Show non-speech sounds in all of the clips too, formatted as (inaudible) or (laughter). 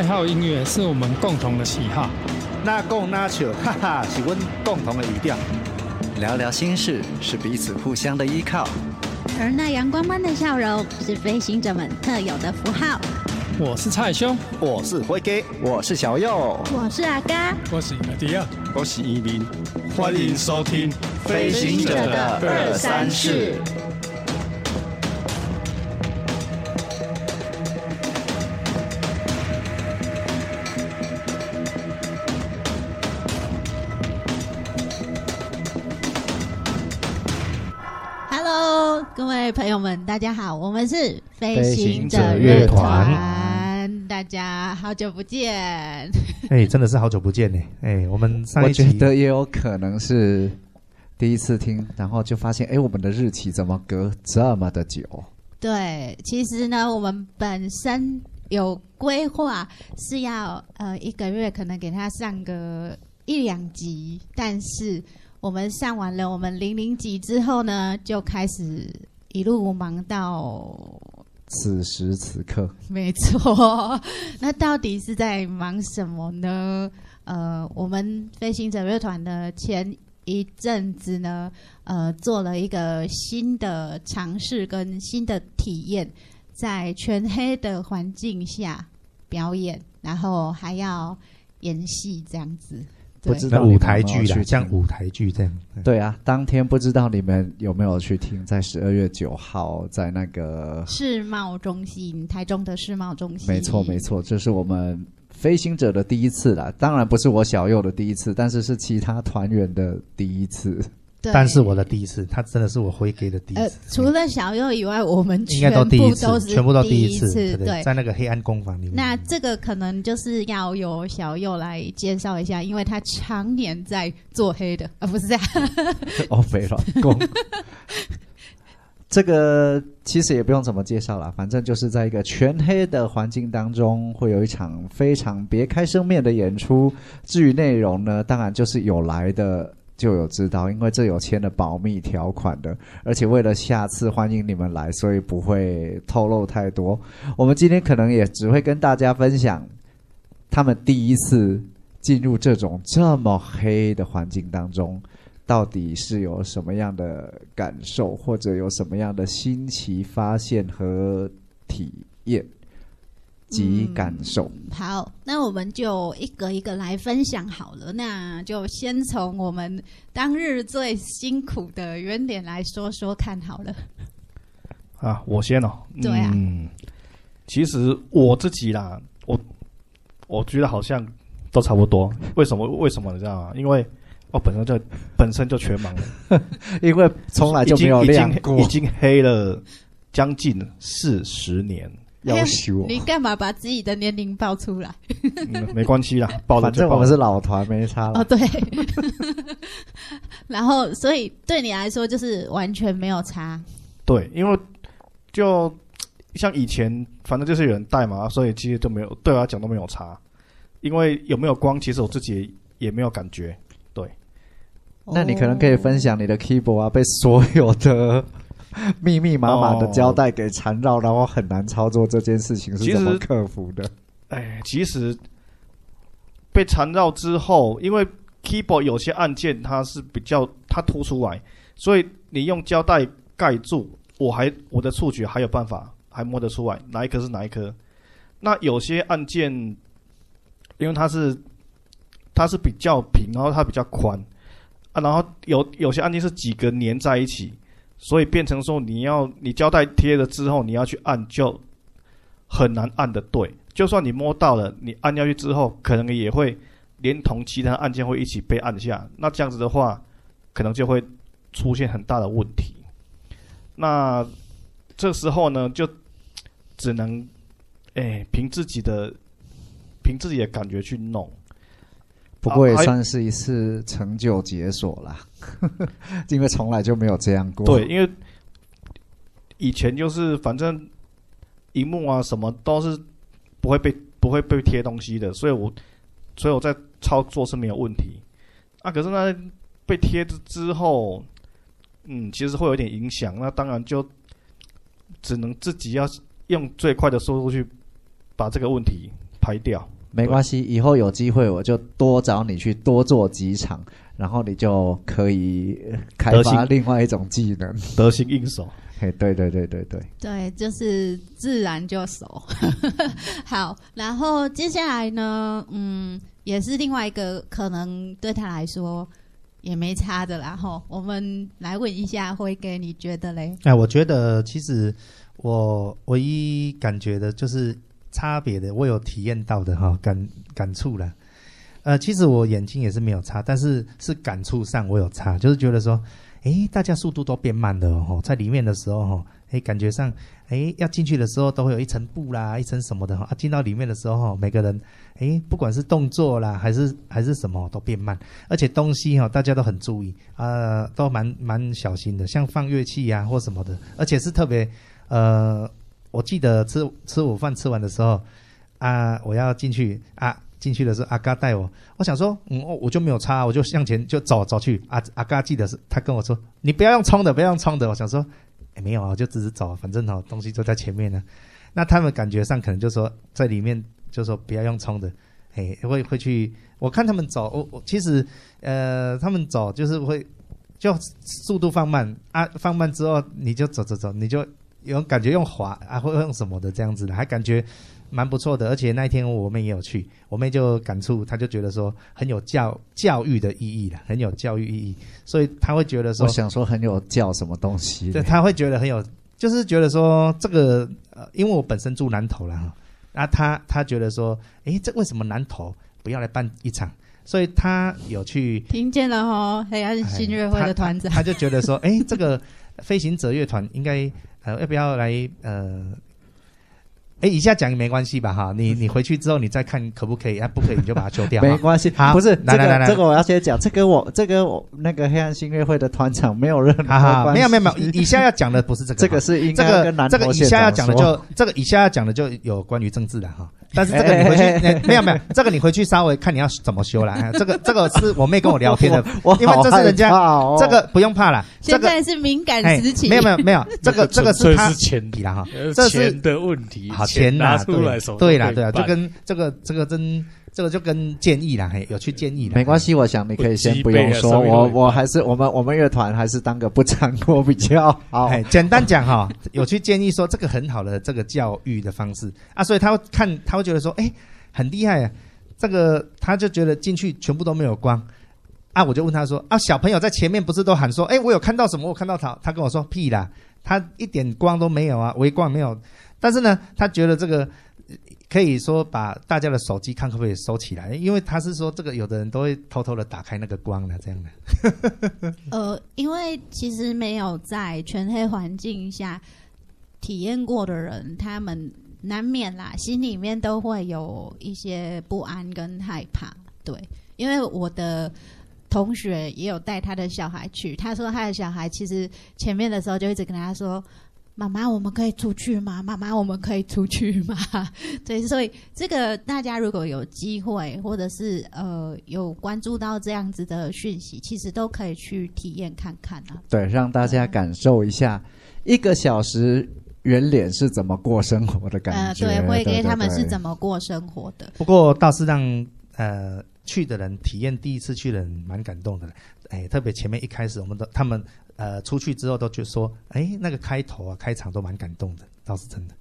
愛好音樂是我們共同的喜好，那共那手，哈哈，喜歡共同的語調，聊聊心事是彼此互相的依靠，而那陽光般的笑容是飛行者們特有的符號。我是蔡兄，我是輝哥，我是小佑，我是阿嘎，我是阿迪亞，我是移民。歡迎收聽《飛行者的二三事》。各位朋友們，大家好，我們是飛行者樂團。樂團大家好久不見，哎、 (laughs) 欸，真的是好久不見呢。欸。哎，欸，我們上一集，我覺得也有可能是第一次聽，然後就發現，哎，欸，我們的日期怎麼隔這麼的久？對，其實呢，我們本身有規劃是要呃一個月可能給他上個一兩集，但是。我們上完了我們零零集之後呢，就開始一路忙到此時此刻。沒錯，那到底是在忙什麼呢？呃，我們飛行者樂團的前一陣子呢，呃，做了一個新的嘗試跟新的體驗，在全黑的環境下表演，然後還要演戲這樣子。對不知道有有舞台劇的，像舞台劇這樣。對，對啊，當天不知道你們有沒有去聽？在十二月九號，在那個世貿中心，台中的世貿中心。沒錯，沒錯，這是我們飛行者的第一次了。當然不是我小佑的第一次，但是是其他團員的第一次。對但是我的第一次，他真的是我回給的第一次。呃，除了小右以外，我們全部都是第一次，全部都第一次。一次對，對在那個黑暗工房裡面。那這個可能就是要由小右來介紹一下，因為他常年在做黑的啊，不是這樣。哦，沒了。 (laughs) 這個其實也不用怎麼介紹了，反正就是在一個全黑的環境當中，會有一場非常別開生面的演出。至於內容呢，當然就是有來的，就有知道，因為這有簽了保密條款的，而且為了下次歡迎你們來，所以不會透露太多。我們今天可能也只會跟大家分享，他們第一次進入這種這麼黑的環境當中，到底是有什麼樣的感受，或者有什麼樣的新奇發現和體驗。及感受。好，那我們就一個一個來分享好了。那就先從我們當日最辛苦的原點來說說看好了。啊，我先哦。對啊、嗯。其實我自己啦，我我覺得好像都差不多。為什麼？為什麼你知道嗎？因為，我本身就本身就全盲了， (laughs) 因為從來就沒有亮過，已經，已經黑了將近四十年。要修、欸？你干嘛把自己的年齡爆出來？嗯、沒關係啦，爆了就爆，反正我們是老團沒差了。哦，對。 (laughs) (laughs) 然後，所以對你來說就是完全沒有差。對，因為就像以前，反正就是有人帶嘛，所以其實都沒有對我來講都沒有差。因為有沒有光，其實我自己也，也沒有感覺。對。哦、那你可能可以分享你的 keyboard 啊，被所有的。 (laughs) 密密麻麻的膠帶給纏繞，oh, 然後很難操作這件事情是怎麼克服的？哎，其實被纏繞之後，因為 keyboard 有些按鍵它是比較它凸出來，所以你用膠帶蓋住，我還我的觸覺還有辦法還摸得出來哪一顆是哪一顆。那有些按鍵因為它是它是比較平，然後它比較寬啊，然後有有些按鍵是幾個粘在一起。所以變成說你，你要你膠帶貼了之後，你要去按，就很難按的對。就算你摸到了，你按下去之後，可能也會連同其他按鍵會一起被按下。那這樣子的話，可能就會出現很大的問題。那這時候呢，就只能哎，欸，憑自己的，憑自己的感覺去弄。不過也算是一次成就解鎖啦，啊， (laughs) 因為從來就沒有這樣過。對，因為以前就是反正，熒幕啊什麼都是不會被不會被貼東西的，所以我所以我在操作是沒有問題。啊，可是呢，被貼之後，嗯，其實會有點影響。那當然就只能自己要用最快的速度去把這個問題排掉。沒關係，對以後有機會我就多找你去多做幾場，對然後你就可以開發另外一種技能，得心應手。嘿，對對對對對，對，對，就是自然就熟。 (laughs) 好，然後接下來呢，嗯，也是另外一個可能對他來說也沒差的。然後我們來問一下輝哥，你覺得嘞？哎、啊，我覺得其實我唯一感覺的就是。差別的，我有體驗到的哈、喔、感感觸啦，呃，其實我眼睛也是沒有差，但是是感觸上我有差，就是覺得說，誒、欸，大家速度都變慢了、喔。哦，在裡面的時候哈、喔，誒、欸，感覺上，誒、欸，要進去的時候都會有一層布啦，一層什麼的、喔、啊，進到裡面的時候、喔、每個人，誒、欸，不管是動作啦，還是還是什麼都變慢，而且東西哈、喔，大家都很注意啊、呃，都蠻蠻小心的，像放樂器呀、啊、或什麼的，而且是特別，呃。我記得吃吃午飯吃完的時候，啊，我要進去啊，進去的時候阿嘎帶我，我想說，嗯、哦，我就沒有差，我就向前就走走去。啊、阿阿嘎記得是，他跟我說，你不要用衝的，不要用衝的。我想說，誒沒有啊，我就只是走，反正哦，東西都在前面呢、啊。那他們感覺上可能就說，在裡面就說不要用衝的，哎，會會去。我看他們走，我我其實呃，他們走就是會就速度放慢啊，放慢之後你就走走走，你就。有感覺用滑啊，或用什麼的這樣子的，還感覺蠻不錯的。而且那一天我妹也有去，我妹就感觸，她就覺得說很有教教育的意義了，很有教育意義，所以她會覺得說我想說很有教什麼東西。對，她會覺得很有，就是覺得說這個，呃，因為我本身住南投了哈，那、嗯啊、她她覺得說，哎、欸，這為什麼南投不要來辦一場？所以她有去聽見了哦，黑暗新樂會的團長她她，她就覺得說，哎、欸，這個飛行者樂團應該。呃，要不要來？呃，哎、欸，以下講也沒關係吧？哈，你你回去之後你再看可不可以？哎、啊，不可以你就把它揪掉。 (laughs) 沒關係係，好、啊，不是來來、啊這個、來，來來這個我要先講，這個我這個我那個黑暗信樂會的團長沒有任何關係，沒有沒有沒有。以下要講的不是這個， (laughs) 這個是應該跟男這個以下要講的就這個以下要講的就有關於政治的哈。但是這個你回去欸欸欸欸、欸，沒有沒有，這個你回去稍微看你要怎麼修啦。欸欸這個這個是我妹跟我聊天的， (laughs) 哦、因為這是人家，這個不用怕啦。這個、現在是敏感時期，沒有、欸、沒有沒有，沒有這個這個是前提啦哈，這是錢，這是錢的問題，是錢拿出來說、啊啊、對，對啦對啦，就跟這個這個真。這個就跟建議啦，嘿有去建議啦，沒關係。我想你可以先不用說，我我還是我們我們樂團還是當個不唱歌比較好。嘿簡單講哈、喔， (laughs) 有去建議說這個很好的這個教育的方式啊，所以他會看他會覺得說，哎、欸，很厲害啊！這個他就覺得進去全部都沒有光啊。我就問他說啊，小朋友在前面不是都喊說，哎、欸，我有看到什麼？我看到他，他跟我說屁啦，他一點光都沒有啊，微光沒有。但是呢，他覺得這個。可以說把大家的手機看可不可以收起來？因為他是說這個，有的人都會偷偷的打開那個光的，啊。這樣的，啊。 (laughs) 呃，因為其實沒有在全黑環境下體驗過的人，他們難免啦，心裡面都會有一些不安跟害怕。對，因為我的同學也有帶他的小孩去，他說他的小孩其實前面的時候就一直跟他說。媽媽，我們可以出去嗎？媽媽，我們可以出去嗎？對，所以這個大家如果有機會，或者是呃有關注到這樣子的訊息，其實都可以去體驗看看啊。對，讓大家感受一下對一個小時人臉是怎麼過生活的感覺。呃、對，會給他們是怎麼過生活的。對不對？不過倒是讓呃。去的人體驗，第一次去的人蠻感動的，哎，特別前面一開始我們都他們呃，出去之後都覺得說，哎，那個開頭啊開場都蠻感動的，倒是真的，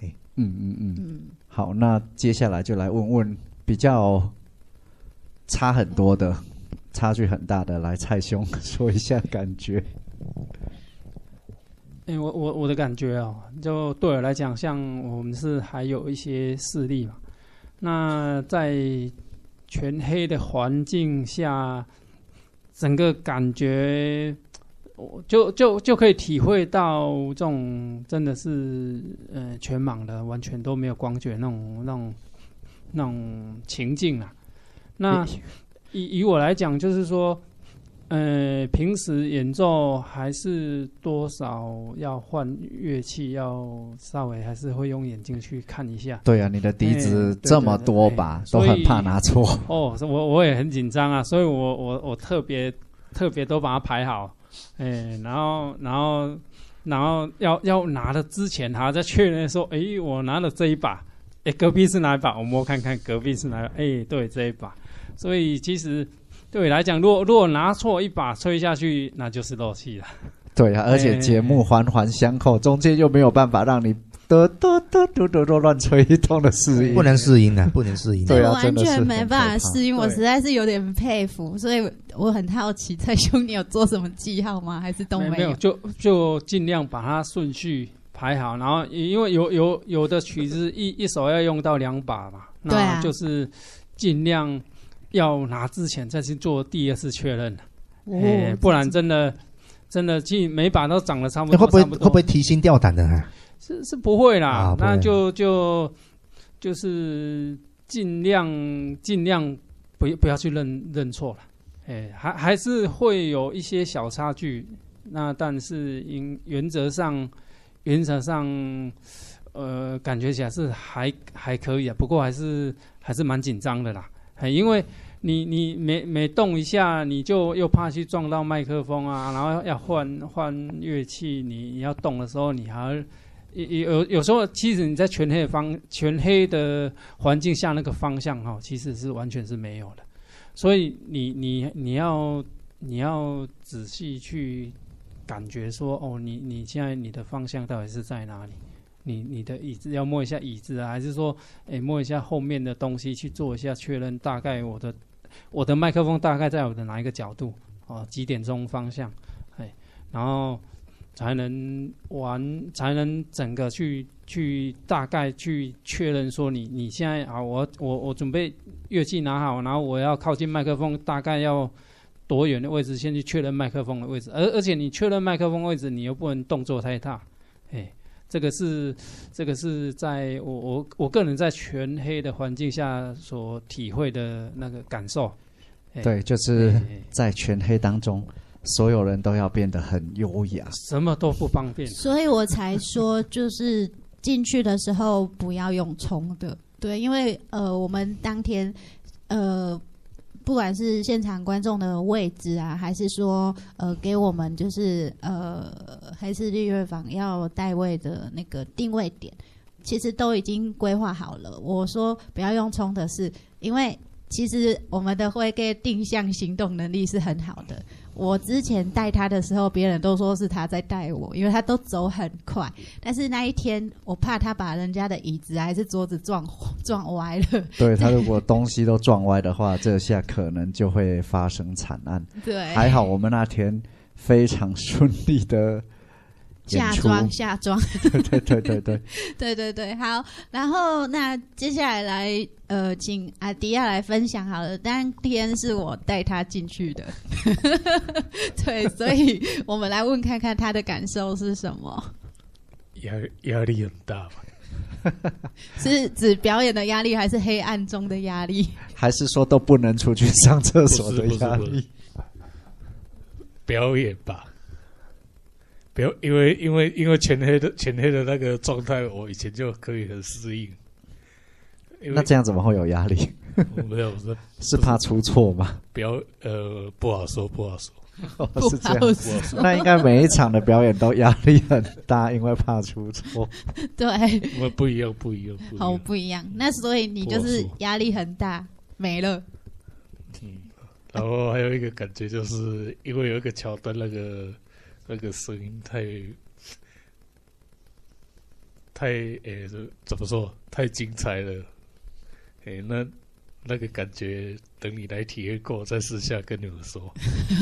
哎、嗯嗯嗯好，那接下來就來問問比較差很多的，嗯、差距很大的，來蔡兄說一下感覺。哎，我我我的感覺啊、哦，就對我來講，像我們是還有一些勢力嘛，那在。全黑的環境下，整個感覺就，就就就可以體會到這種真的是，呃，全盲的，完全都沒有光覺那種那種那種情境了啊。那以以我來講，就是說。呃，平時演奏還是多少要換樂器，要稍微還是會用眼睛去看一下。對啊，你的笛子這麼多把，都很怕拿錯。哦，我我也很緊張啊，所以我我我特別特別都把它排好，哎、欸，然後然後然後要要拿的之前、啊，他在確認說，誒、欸、我拿了這一把，哎、欸，隔壁是哪一把？我摸看看，隔壁是哪一把？誒、欸、對，這一把。所以其實。對來講如果，如果拿錯一把吹下去，那就是漏氣了。對啊，而且節目環環相扣，欸、中間又沒有辦法讓你嘟嘟嘟嘟嘟亂吹一通的試音，不能試音，不能試音啊，不能試音，啊。對啊，完全沒辦法試音，我實在是有點佩服。對所以我很好奇，蔡兄，你有做什麼記號嗎？還是都沒有？」沒有就就盡量把它順序排好，然後因為有有有的曲子一一首要用到兩把嘛，那就是盡量。要拿之前再去做第二次確認，哎、欸，欸、不然真的這這真的去每把都長得差不多，欸、會不會會不會提心吊膽的、啊？是是不會啦，啊、那就就、嗯、就是盡量盡量不不要去認認錯了，哎、欸，還還是會有一些小差距，那但是原原則上原則上呃感覺起來是還還可以啊，不過還是還是蠻緊張的啦。因為你你每每動一下，你就又怕去撞到麥克風啊，然後要換換樂器，你你要動的時候，你還有有有時候，其實你在全黑的方全黑的環境下，那個方向哈、哦，其實是完全是沒有的，所以你你你要你要仔細去感覺說，哦，你你現在你的方向到底是在哪裡？你你的椅子要摸一下椅子啊，還是說，誒、欸、摸一下後面的東西去做一下確認，大概我的我的麥克風大概在我的哪一個角度哦、啊？幾點鐘方向，誒、哎，然後才能玩才能整個去去大概去確認說你你現在啊我我我準備樂器拿好，然後我要靠近麥克風，大概要多遠的位置先去確認麥克風的位置，而而且你確認麥克風位置，你又不能動作太大，誒、哎。這個是，這個是在我我我個人在全黑的環境下所體會的那個感受。對，就是在全黑當中，嘿嘿所有人都要變得很優雅，什麼都不方便。所以我才說，就是進去的時候不要用衝的。 (laughs) 對，因為呃，我們當天呃。不管是現場觀眾的位置啊，還是說呃給我們就是呃還是綠月坊要帶位的那個定位點，其實都已經規劃好了。我說不要用衝的是，因為。其實我們的會給定向行動能力是很好的。我之前帶他的時候，別人都說是他在帶我，因為他都走很快。但是那一天，我怕他把人家的椅子還是桌子撞撞歪了。對他，如果東西都撞歪的話， (laughs) 這下可能就會發生慘案。對，還好我們那天非常順利的。夏裝，夏裝。出 (laughs) 對對對對對，對對對，好。然後那接下來來，呃，請阿迪亞來分享好了。當天是我帶他進去的， (laughs) 對，所以我們來問看看他的感受是什麼。壓壓力很大嘛？ (laughs) 是指表演的壓力，還是黑暗中的壓力？ (laughs) 還是說都不能出去上廁所的壓力？ (laughs) 表演吧。不要，因為因為因為全黑的全黑的那個狀態，我以前就可以很適應。因為那這樣怎麼會有壓力？沒有，是怕出錯嗎？不要，呃不好說，不好說，哦，是這樣。那應該每一場的表演都壓力很大， (laughs) 因為怕出錯。對，我不一樣，不一樣，不一樣好，不一樣。那所以你就是壓力很大沒了。嗯，然後還有一個感覺，就是因為有一個橋段那個。那個聲音太，太誒，欸，怎麼怎麼說？太精彩了，哎、欸，那那個感覺，等你來體驗過再私下跟你們說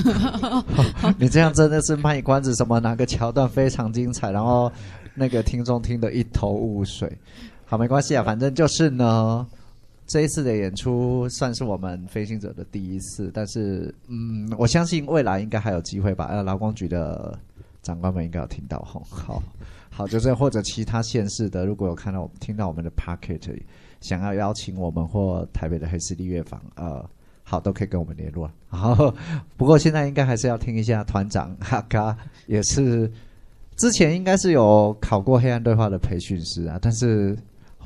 (laughs) (laughs) 你這樣真的是賣關子，什麼哪個橋段非常精彩，然後那個聽眾聽得一頭霧水。好，沒關係啊，反正就是呢。這一次的演出算是我們飛行者的第一次，但是嗯，我相信未來應該還有機會吧。呃，勞工局的長官們應該有聽到，哦、好好就是，或者其他縣市的如果有看到我們，聽到我們的 podcast，想要邀請我們，或台北的黑勢力樂坊，呃，好，都可以跟我們聯絡。然後不過現在應該還是要聽一下團長哈嘎，也是之前應該是有考過黑暗對話的培訓師啊，但是。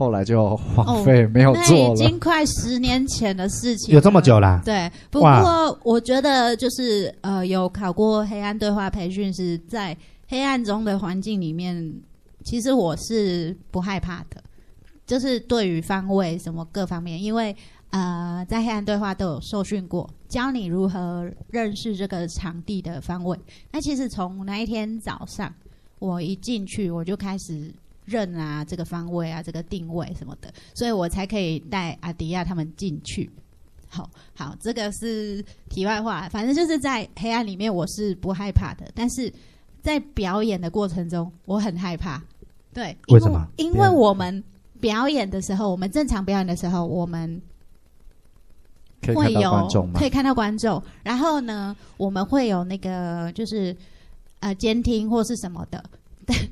後來就荒廢沒有做了，oh, 已經快十年前的事情。 (laughs) 有這麼久了？對，不，Wow. 不過我覺得就是呃，有考過黑暗對話培訓，是在黑暗中的環境裡面，其實我是不害怕的。就是對於方位什麼各方面，因為呃，在黑暗對話都有受訓過，教你如何認識這個場地的方位。那其實從那一天早上，我一進去我就開始。認啊，這個方位啊，這個定位什麼的，所以我才可以帶阿迪亞他們進去。好好，這個是題外話，反正就是在黑暗裡面我是不害怕的，但是在表演的過程中我很害怕。對，因為，為什麼？因為我們表演的時候，我們正常表演的時候，我們會有可以，可以看到觀眾，然後呢，我們會有那個就是呃監聽或是什麼的。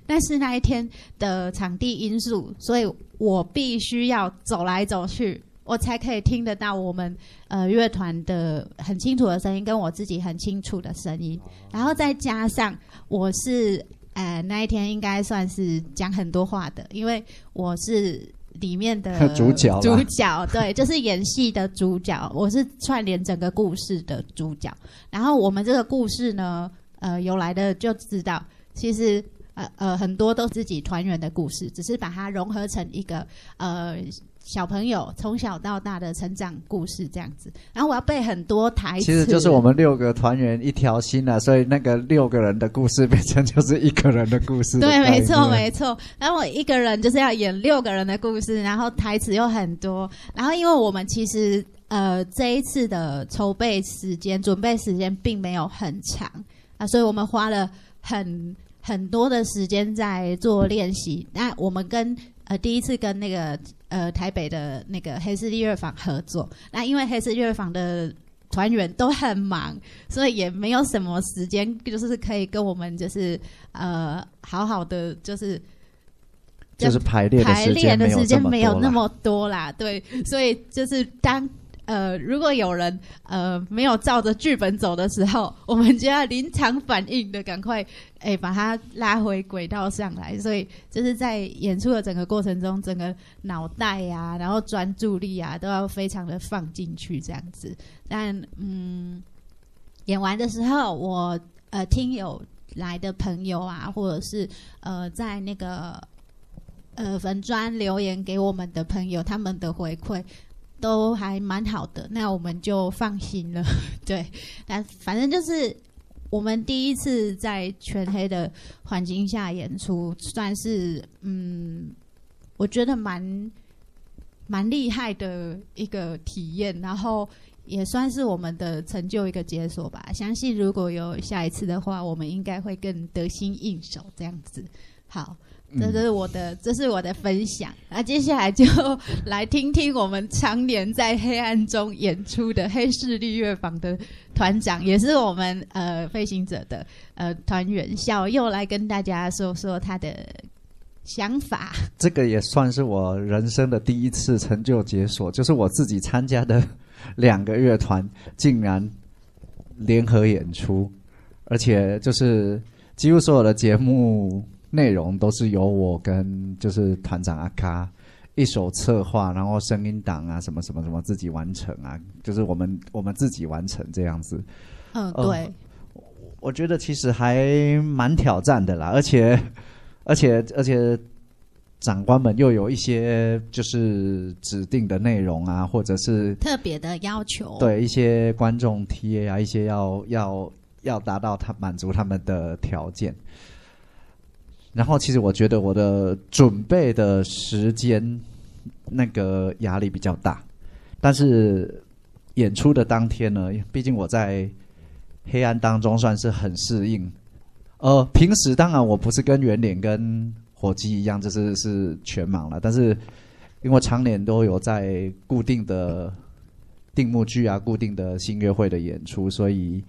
但 (laughs) 是那一天的場地因素，所以我必須要走來走去，我才可以聽得到我們呃樂團的很清楚的聲音，跟我自己很清楚的聲音。然後再加上我是呃那一天應該算是講很多話的，因為我是裡面的，的主角，主角，主角對，就是演戲的主角， (laughs) 我是串聯整個故事的主角。然後我們這個故事呢，呃，有來的就知道，其實。呃呃，很多都自己團員的故事，只是把它融合成一個呃小朋友從小到大的成長故事這樣子。然後我要背很多台詞，其實就是我們六個團員一條心了，啊，所以那個六個人的故事變成就是一個人的故事的。對，沒錯，沒錯。然後我一個人就是要演六個人的故事，然後台詞又很多。然後因為我們其實呃這一次的籌備時間，準備時間並沒有很長啊，呃，所以我們花了很。很多的時間在做練習。那我們跟呃第一次跟那個呃台北的那個黑色音樂坊合作，那因為黑色音樂坊的團員都很忙，所以也沒有什麼時間，就是可以跟我們就是呃好好的就是就是排練，排練的時間沒有那麼多啦。對，所以就是當。呃，如果有人呃沒有照着劇本走的時候，我們就要臨場反應的趕快，哎、欸，把他拉回軌道上來。所以，就是在演出的整個過程中，整個腦袋呀、啊，然後專注力啊，都要非常的放進去這樣子。但嗯，演完的時候，我呃聽友來的朋友啊，或者是呃在那個呃粉專留言給我們的朋友，他們的回饋，都還蠻好的，那我們就放心了。對，但反正就是我們第一次在全黑的環境下演出，算是嗯，我覺得蠻蠻厲害的一個體驗，然後也算是我們的成就一個解鎖吧。相信如果有下一次的話，我們應該會更得心應手這樣子。好，這是我的，嗯、這是我的分享。那接下來就來聽聽我們常年在黑暗中演出的黑勢力樂坊的團長，也是我們呃飛行者的呃團員小右，又來跟大家說說他的想法。這個也算是我人生的第一次成就解鎖，就是我自己參加的兩個樂團竟然聯合演出，而且就是幾乎所有的節目。內容都是由我跟就是團長阿咖一手策劃，然後聲音檔啊什麼什麼什麼自己完成啊，就是我們我們自己完成這樣子。嗯，對、呃。我覺得其實還蠻挑戰的啦，而且而且而且，而且長官們又有一些就是指定的內容啊，或者是特別的要求，對，一些觀眾貼啊，一些要要要達到他滿足他們的條件。然後，其實我覺得我的準備的時間那個壓力比較大，但是演出的當天呢，畢竟我在黑暗當中算是很適應。呃，平時當然我不是跟圓臉跟火雞一樣，就是是全盲了，但是因為常年都有在固定的定目劇啊、固定的星樂會的演出，所以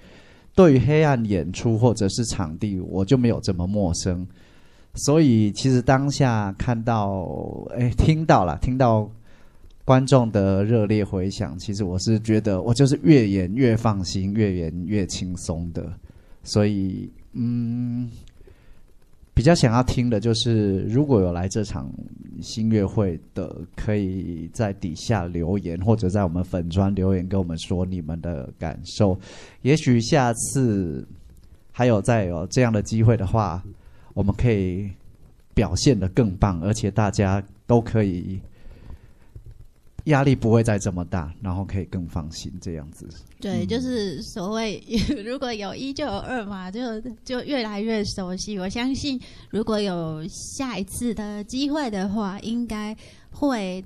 對於黑暗演出或者是場地，我就沒有這麼陌生。所以，其實當下看到，哎，聽到了，聽到觀眾的熱烈回響，其實我是覺得，我就是越演越放心，越演越輕鬆的。所以，嗯，比較想要聽的就是，如果有來這場新樂會的，可以在底下留言，或者在我們粉專留言跟我們說你們的感受。也許下次還有再有這樣的機會的話。我們可以表現得更棒，而且大家都可以壓力不會再這麼大，然後可以更放心這樣子。對，就是所謂如果有“一”就有“二”嘛，就就越來越熟悉。我相信如果有下一次的機會的話，應該會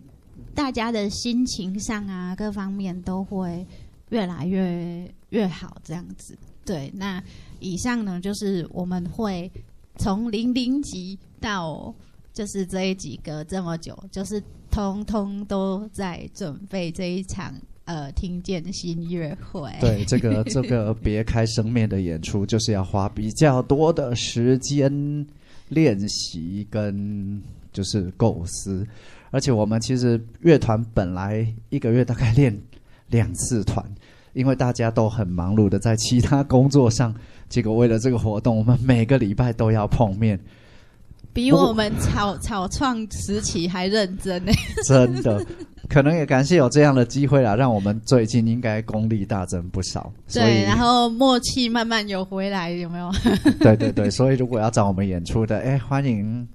大家的心情上啊，各方面都會越來越越好這樣子。對，那以上呢就是我們會。從零零集到就是這幾個這麼久，就是通通都在準備這一場呃聽見新樂會。對，這個這個別開生面的演出， (laughs) 就是要花比較多的時間練習跟就是構思。而且我們其實樂團本來一個月大概練兩次團。因為大家都很忙碌的在其他工作上，結果為了這個活動，我們每個禮拜都要碰面，比我們草 (laughs) 草創時期還認真呢。真的，可能也感謝有這樣的機會啦，讓我們最近應該功力大增不少。對，然後默契慢慢有回來，有沒有？ (laughs) 對對對，所以如果要找我們演出的，欸，歡迎。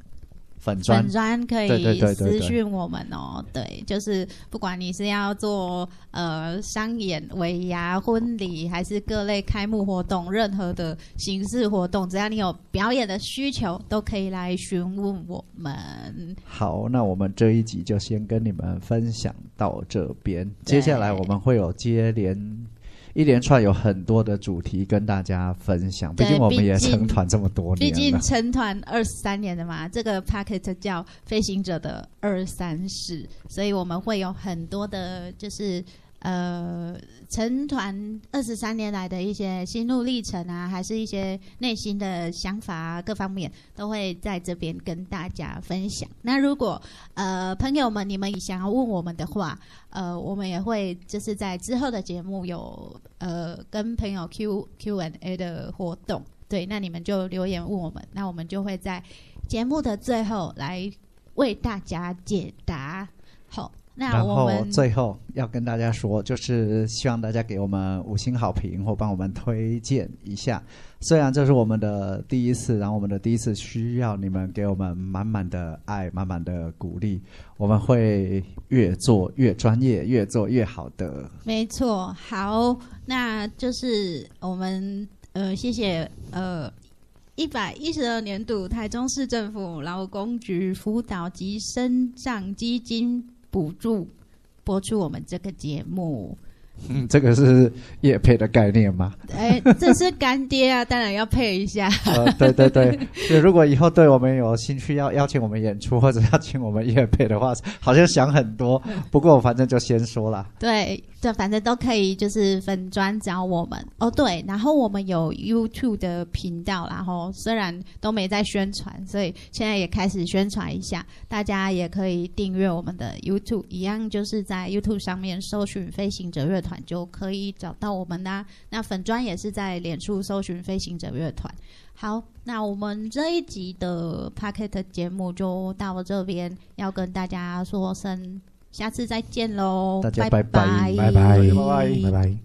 粉專可以私訊我們哦，對，就是不管你是要做呃商演、尾牙、婚禮，還是各類開幕活動，任何的形式活動，只要你有表演的需求，都可以來詢問我們。好，那我們這一集就先跟你們分享到這邊，對接下來我們會有接連。一連串有很多的主題跟大家分享，畢竟我們也成團這麼多年了。畢竟，畢竟成團二十三年了嘛，這個 podcast 叫飛行者的二三事，所以我們會有很多的，就是。呃，成團二十三年來的一些心路歷程啊，還是一些內心的想法啊，各方面都會在這邊跟大家分享。那如果呃朋友們你們想要問我們的話，呃，我們也會就是在之後的節目有呃跟朋友 Q Q&A 的活動，對，那你們就留言問我們，那我們就會在節目的最後來為大家解答。好。然後最後要跟大家說，就是希望大家給我們五星好評，或幫我們推薦一下。雖然這是我們的第一次，然後我們的第一次需要你們給我們滿滿的愛、滿滿的鼓勵。我們會越做越專業，越做越好的。沒錯，好，那就是我們呃，謝謝呃，一百一十二年度台中市政府勞工局輔導及身障基金。補助播出我們這個節目。嗯，這個是業配的概念嗎？哎，這是乾爹啊， (laughs) 當然要配一下。 (laughs) 呃，對對對，如果以後對我們有興趣，要邀請我們演出或者要請我們業配的話，好像想很多。不過我反正就先說了。對對，反正都可以，就是粉專找我們哦。對，然後我們有 YouTube 的頻道，然後雖然都沒在宣傳，所以現在也開始宣傳一下，大家也可以訂閱我們的 YouTube，一樣就是在 YouTube 上面搜尋“飛行者樂團”。就可以找到我們啦，啊。那粉專也是在臉書搜尋“飛行者樂團”。好，那我們這一集的 Podcast 節目就到了這邊，要跟大家說聲下次再見嘍！大家拜拜拜拜拜拜拜拜。